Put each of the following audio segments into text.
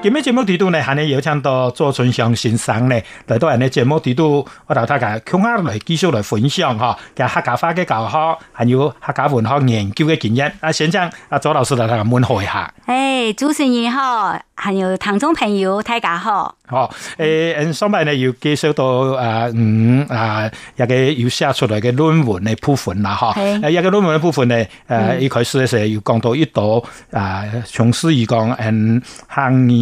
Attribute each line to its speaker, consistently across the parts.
Speaker 1: 今日節目度呢，係有請到左春香先生呢來到我哋嘅節目度，我同大家共下來繼續來分享吓，佢客家話嘅教學，還有客家文化研究的經驗。阿先生，阿左老師來同佢問候一下。
Speaker 2: 誒，主持人好，還有聽眾朋友大家好。
Speaker 1: 哦，誒、欸，嗯嗯、上邊呢有介紹到誒五啊一個有寫出來的論文的部分啦，吓嘿。一個論文的部分呢，誒嘿、呃、一開始的時候有講到一道啊，從四而降，嗯，行、嗯、二。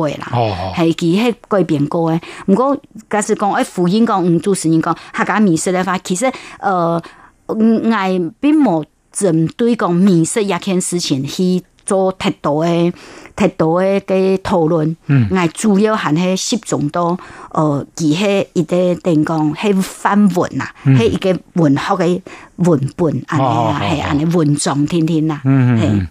Speaker 2: 會啦，係佢喺改變過嘅。如果假是講，誒福音講唔做實講，吓、嗯、家美食嘅話，其實誒、呃，我並冇針對講美食呢件事情去做太多嘅，太多嘅嘅討論。嗯、我主要係喺誒，喺一啲定講喺翻文啊，喺一、嗯、個文學嘅文本，係啊，係、oh, oh, oh, oh. 啊，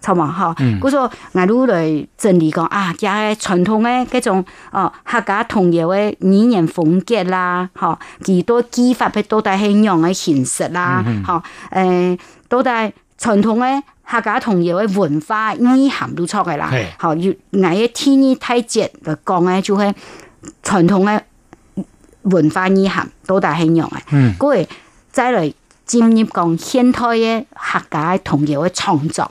Speaker 2: 錯嘛，哈！嗰、嗯、說，我哋嚟整理講啊，嘅傳統嘅嗰種哦客家童謠嘅語言風格啦，哈幾多技法，佢到底係用嘅形式啦，哈誒、嗯哼，到底傳統嘅客家童謠嘅文化意涵都出嚟啦，哈要喺天氣太熱嚟講咧，就係傳統嘅文化意涵到底係用嘅，嗰個、嗯、再嚟進入講，現在說現代嘅客家童謠嘅創作。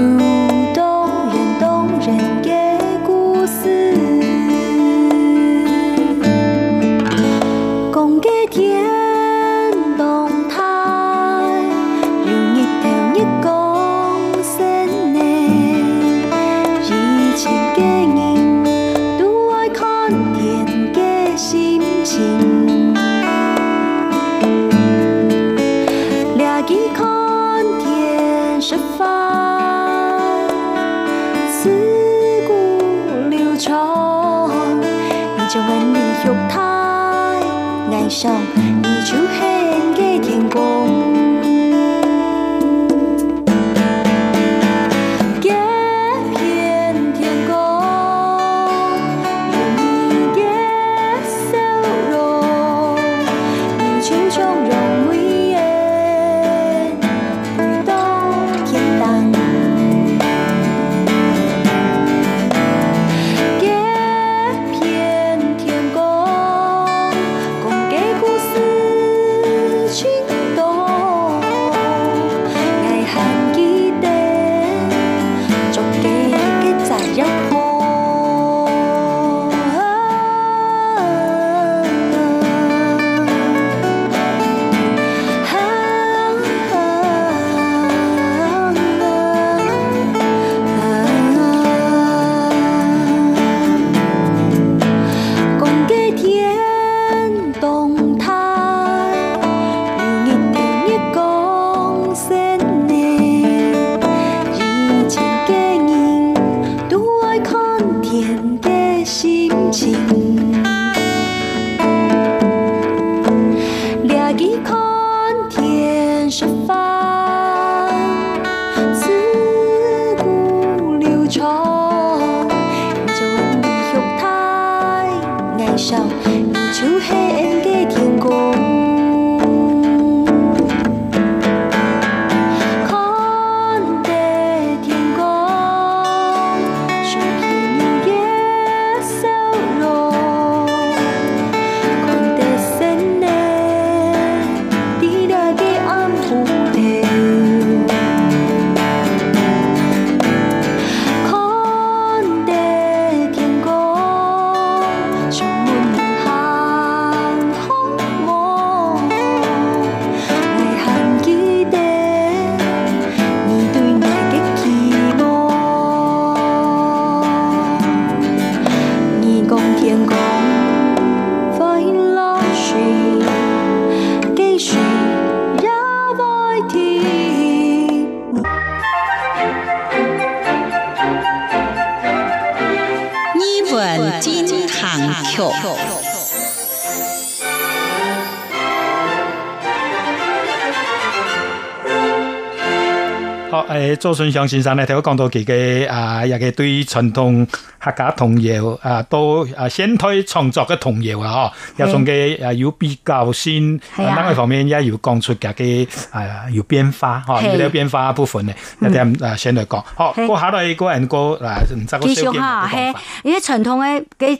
Speaker 1: 周舜祥先生呢，頭先講到自己啊，又係對傳統客家童謠啊，都啊先推創作嘅童謠啊，嗬的，要從嘅啊要比較新，單外的、啊那個、方面亦係要講出嘅嘅啊要變化，吓的、啊，有啲變化部分咧，一啲的啊先來講，好，我下度一個人過嗱，繼續吓，係，
Speaker 2: 啲傳統嘅。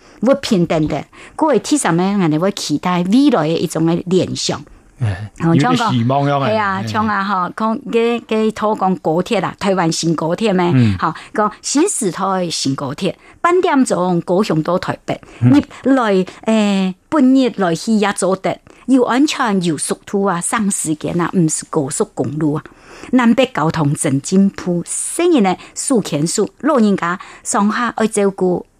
Speaker 2: 不平等的，各位提上面，人哋會期待未來的一種嘅聯想。
Speaker 1: 嗯，有啲希望樣嘅。係啊，像
Speaker 2: 啊，嗬，講嘅嘅，拖講高鐵啦，台灣新高鐵咩？嗬，講新時代新高鐵，半點鐘高雄到台北，欸、日來誒，半日來去也做得，又安全又速度啊，省時間啊，唔是高速公路啊，南北交通正進步，適應咧，數錢數老人家上下愛照顧。